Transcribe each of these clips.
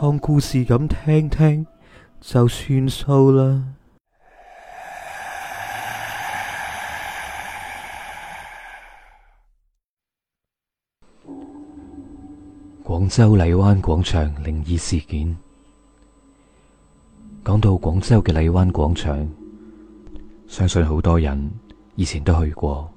當故事咁聽聽就算數啦。廣州荔灣廣場靈異事件。講到廣州嘅荔灣廣場，相信好多人以前都去過。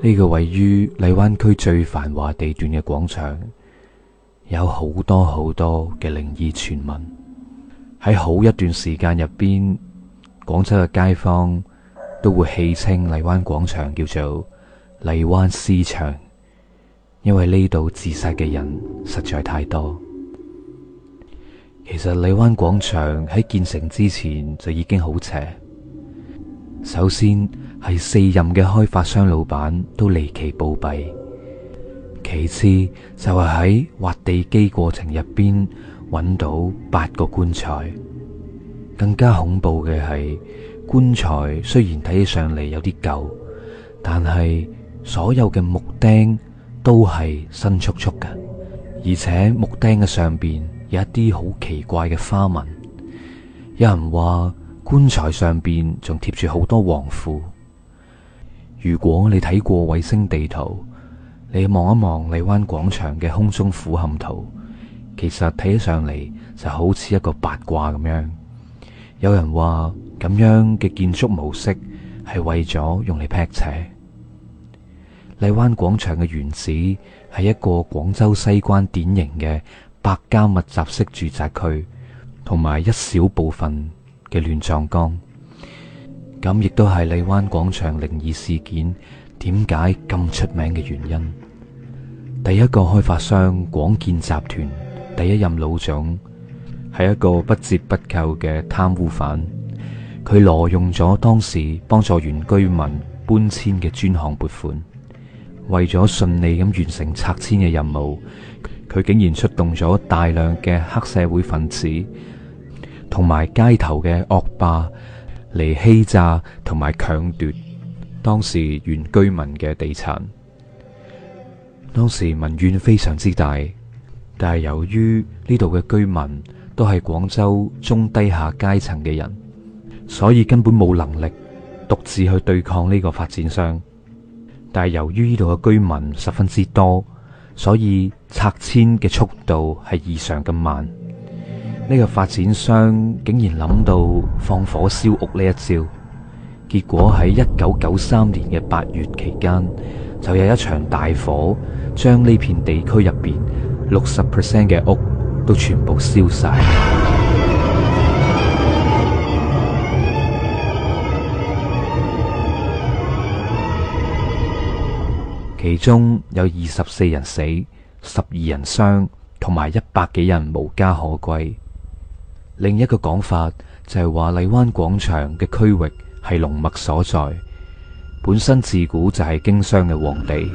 呢個位於荔灣區最繁華地段嘅廣場。有好多好多嘅靈異傳聞，喺好一段時間入邊，廣州嘅街坊都會戲稱荔灣廣場叫做荔灣屍場，因為呢度自殺嘅人實在太多。其實荔灣廣場喺建成之前就已經好邪，首先係四任嘅開發商老闆都離奇暴斃。其次就係喺挖地基過程入邊揾到八個棺材，更加恐怖嘅係棺材雖然睇起上嚟有啲舊，但係所有嘅木釘都係新簇簇嘅，而且木釘嘅上邊有一啲好奇怪嘅花紋。有人話棺材上邊仲貼住好多黃符。如果你睇過衛星地圖。你望一望荔灣廣場嘅空中俯瞰圖，其實睇起上嚟就好似一個八卦咁樣。有人話咁樣嘅建築模式係為咗用嚟辟邪。荔灣廣場嘅原址係一個廣州西關典型嘅百家密集式住宅區，同埋一小部分嘅亂葬崗。咁亦都係荔灣廣場靈異事件點解咁出名嘅原因。第一個開發商廣建集團第一任老總係一個不折不扣嘅貪污犯，佢挪用咗當時幫助原居民搬遷嘅專項撥款，為咗順利咁完成拆遷嘅任務，佢竟然出動咗大量嘅黑社會分子同埋街頭嘅惡霸嚟欺詐同埋搶奪當時原居民嘅地產。當時民怨非常之大，但係由於呢度嘅居民都係廣州中低下階層嘅人，所以根本冇能力獨自去對抗呢個發展商。但係由於呢度嘅居民十分之多，所以拆遷嘅速度係異常咁慢。呢個發展商竟然諗到放火燒屋呢一招，結果喺一九九三年嘅八月期間，就有一場大火，將呢片地區入邊六十 percent 嘅屋都全部燒晒， 其中有二十四人死，十二人傷，同埋一百幾人無家可歸。另一個講法就係話荔灣廣場嘅區域係龍脈所在。本身自古就係經商嘅皇帝，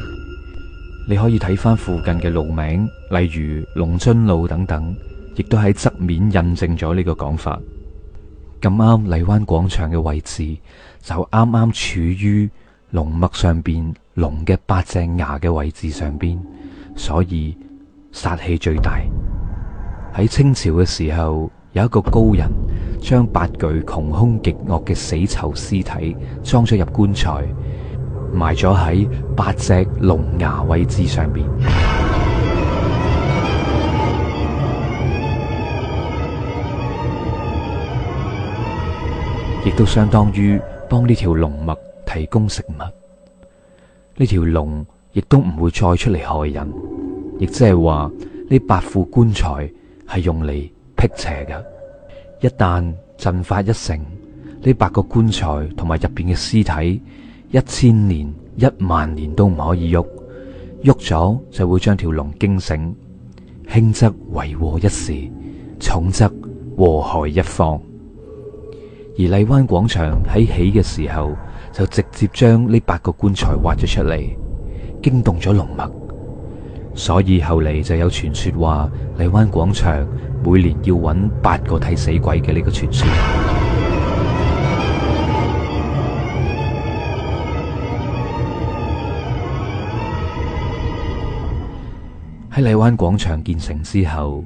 你可以睇返附近嘅路名，例如龍津路等等，亦都喺側面印證咗呢個講法。咁啱荔灣廣場嘅位置，就啱啱處於龍脈上邊，龍嘅八隻牙嘅位置上邊，所以殺氣最大。喺清朝嘅時候，有一個高人將八具窮兇極惡嘅死囚屍體裝咗入棺材，埋咗喺八隻龍牙位置上面。亦 都相當於幫呢條龍脈提供食物。呢條龍亦都唔會再出嚟害人，亦即係話呢八副棺材係用嚟，辟邪嘅，一旦陣法一成，呢八個棺材同埋入邊嘅屍體，一千年、一萬年都唔可以喐，喐咗就會將條龍驚醒，輕則為禍一時，重則禍害一方。而荔灣廣場喺起嘅時候，就直接將呢八個棺材挖咗出嚟，驚動咗龍脈，所以後嚟就有傳說話，荔灣廣場。每年要揾八個替死鬼嘅呢個傳說。喺荔灣廣場建成之後，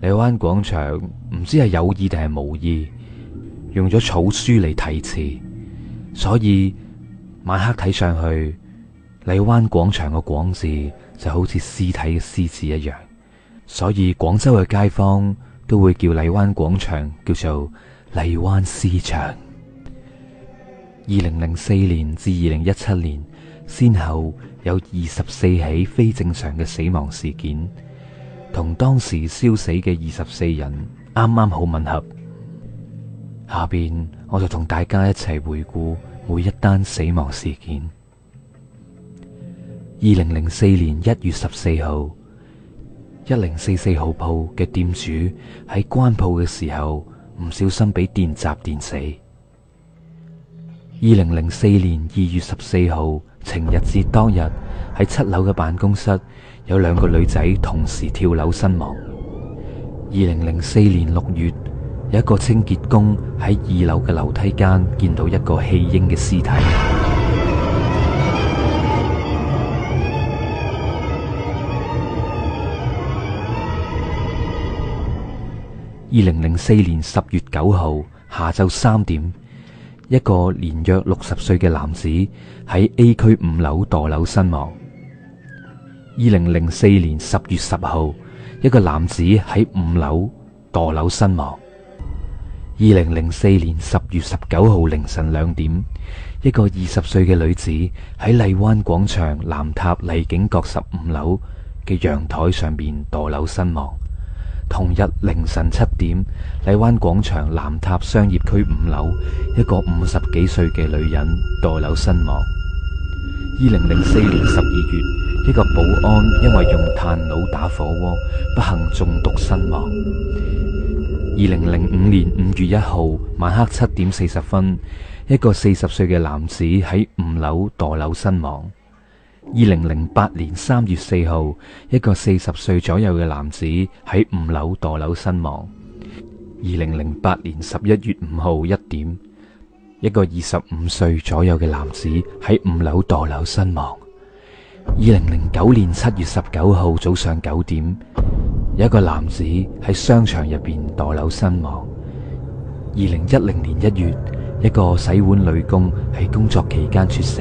荔灣廣場唔知係有意定係無意，用咗草書嚟題詞，所以晚黑睇上去，荔灣廣場嘅廣字就好似屍體嘅屍字一樣。所以廣州嘅街坊都會叫荔灣廣場叫做荔灣屍場。二零零四年至二零一七年，先後有二十四起非正常嘅死亡事件，同當時燒死嘅二十四人啱啱好吻合。下邊我就同大家一齊回顧每一單死亡事件。二零零四年一月十四號。一零四四號鋪嘅店主喺關鋪嘅時候唔小心俾電閘電死。二零零四年二月十四號情人節當日喺七樓嘅辦公室有兩個女仔同時跳樓身亡。二零零四年六月有一個清潔工喺二樓嘅樓梯間見到一個棄嬰嘅屍體。二零零四年十月九號下晝三點，一個年約六十歲嘅男子喺 A 區五樓墮樓身亡。二零零四年十月十號，一個男子喺五樓墮樓身亡。二零零四年十月十九號凌晨兩點，一個二十歲嘅女子喺荔灣廣場南塔麗景閣十五樓嘅陽台上面墮樓身亡。同日凌晨七點，荔灣廣場南塔商業區五樓，一個五十幾歲嘅女人墮樓身亡。二零零四年十二月，一個保安因為用炭爐打火鍋，不幸中毒身亡。二零零五年五月一號晚黑七點四十分，一個四十歲嘅男子喺五樓墮樓身亡。二零零八年三月四號，一個四十歲左右嘅男子喺五樓墮樓身亡。二零零八年十一月五號一點，一個二十五歲左右嘅男子喺五樓墮樓身亡。二零零九年七月十九號早上九點，一個男子喺商場入邊墮樓身亡。二零一零年一月，一個洗碗女工喺工作期間猝死。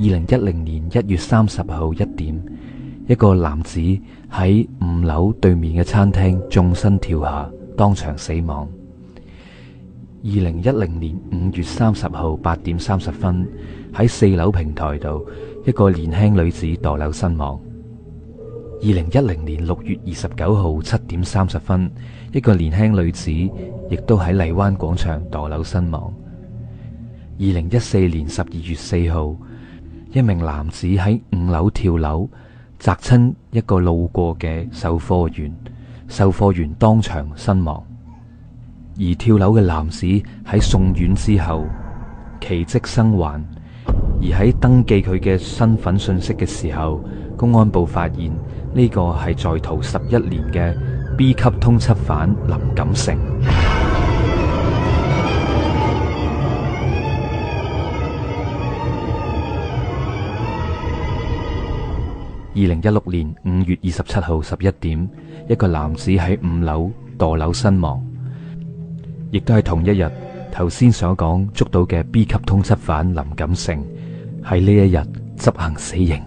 二零一零年一月三十號一點，一個男子喺五樓對面嘅餐廳縱身跳下，當場死亡。二零一零年五月三十號八點三十分，喺四樓平台度，一個年輕女子墮樓身亡。二零一零年六月二十九號七點三十分，一個年輕女子亦都喺荔灣廣場墮樓身亡。二零一四年十二月四號。一名男子喺五樓跳樓，砸親一個路過嘅售貨員，售貨員當場身亡。而跳樓嘅男子喺送院之後奇跡生還，而喺登記佢嘅身份信息嘅時候，公安部發現呢個係在逃十一年嘅 B 級通緝犯林錦成。二零一六年五月二十七號十一點，一個男子喺五樓墮樓身亡，亦都係同一日頭先所講捉到嘅 B 級通緝犯林錦成，喺呢一日執行死刑。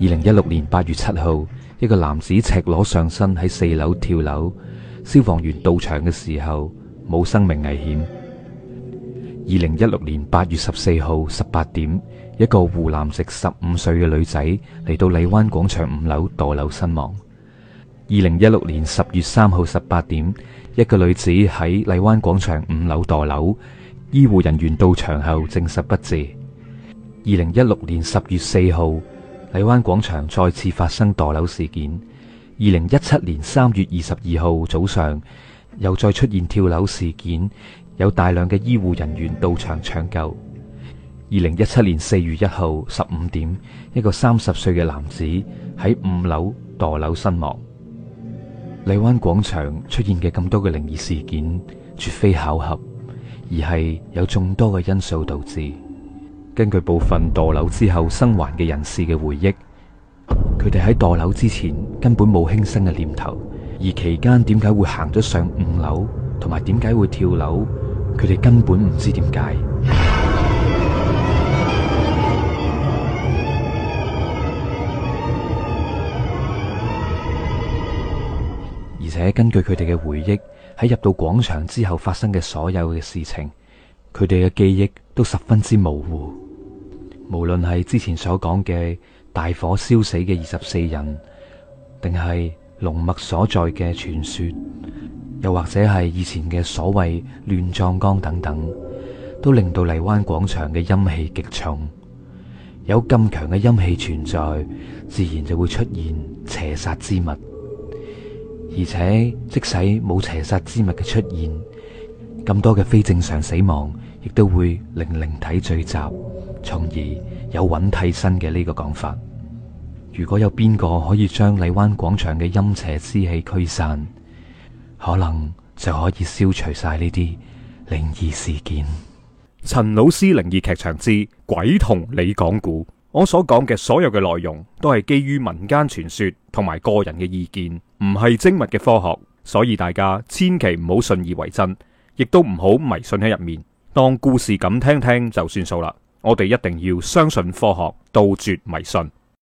二零一六年八月七號，一個男子赤裸上身喺四樓跳樓，消防員到場嘅時候冇生命危險。二零一六年八月十四號十八點，一個湖南籍十五歲嘅女仔嚟到荔灣廣場五樓墮樓身亡。二零一六年十月三號十八點，一個女子喺荔灣廣場五樓墮樓，醫護人員到場後證實不治。二零一六年十月四號，荔灣廣場再次發生墮樓事件。二零一七年三月二十二號早上，又再出現跳樓事件。有大量嘅醫護人員到場搶救。二零一七年四月一號十五點，一個三十歲嘅男子喺五樓墮樓身亡。荔灣廣場出現嘅咁多嘅靈異事件，絕非巧合，而係有眾多嘅因素導致。根據部分墮樓之後生還嘅人士嘅回憶，佢哋喺墮樓之前根本冇輕生嘅念頭，而期間點解會行咗上五樓，同埋點解會跳樓？佢哋根本唔知點解，而且根據佢哋嘅回憶，喺入到廣場之後發生嘅所有嘅事情，佢哋嘅記憶都十分之模糊。無論係之前所講嘅大火燒死嘅二十四人，定係……龍脈所在嘅傳說，又或者係以前嘅所謂亂葬崗等等，都令到荔灣廣場嘅陰氣極重。有咁強嘅陰氣存在，自然就會出現邪煞之物。而且即使冇邪煞之物嘅出現，咁多嘅非正常死亡，亦都會令靈體聚集，從而有揾替身嘅呢個講法。如果有邊個可以將荔灣廣場嘅陰邪之氣驅散，可能就可以消除晒呢啲靈異事件。陳老師靈異劇場之「鬼同你講故」，我所講嘅所有嘅內容都係基於民間傳說同埋個人嘅意見，唔係精密嘅科學，所以大家千祈唔好信以為真，亦都唔好迷信喺入面，當故事咁聽聽就算數啦。我哋一定要相信科學，杜絕迷信。